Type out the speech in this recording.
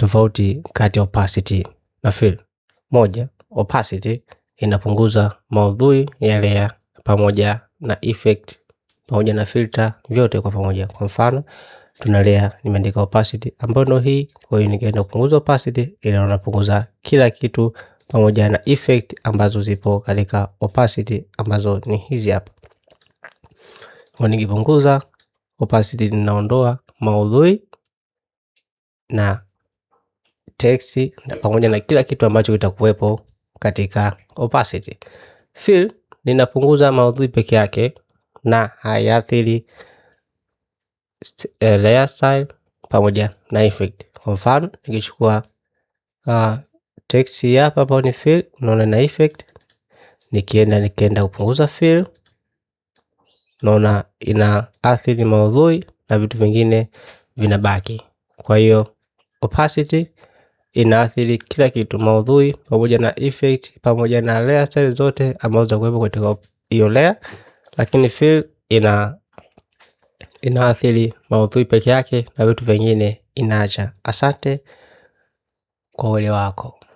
Tofauti kati ya opacity na fill. Moja, opacity inapunguza maudhui ya layer pamoja na effect pamoja na filter vyote kwa pamoja. Kwa mfano, tuna layer nimeandika opacity ambayo ndio hii. Kwa hiyo nikienda kupunguza opacity, ila unapunguza kila kitu pamoja na effect ambazo zipo katika opacity ambazo ni hizi hapa. Kwa nikipunguza opacity ninaondoa maudhui na text pamoja na kila kitu ambacho kitakuwepo katika opacity. Fill linapunguza maudhui peke yake na haiathiri eh, layer style pamoja na effect. Kwa mfano nikichukua uh, ah, teksi hapa ambayo ni fill, unaona na effect, nikienda nikienda kupunguza fill, naona ina athiri maudhui na vitu vingine vinabaki. Kwa hiyo opacity inaathiri kila kitu, maudhui pamoja na effect pamoja na layer style zote ambazo zitakuwepo katika hiyo layer, lakini fill ina inaathiri maudhui peke yake na vitu vingine inaacha. Asante kwa uelewa wako.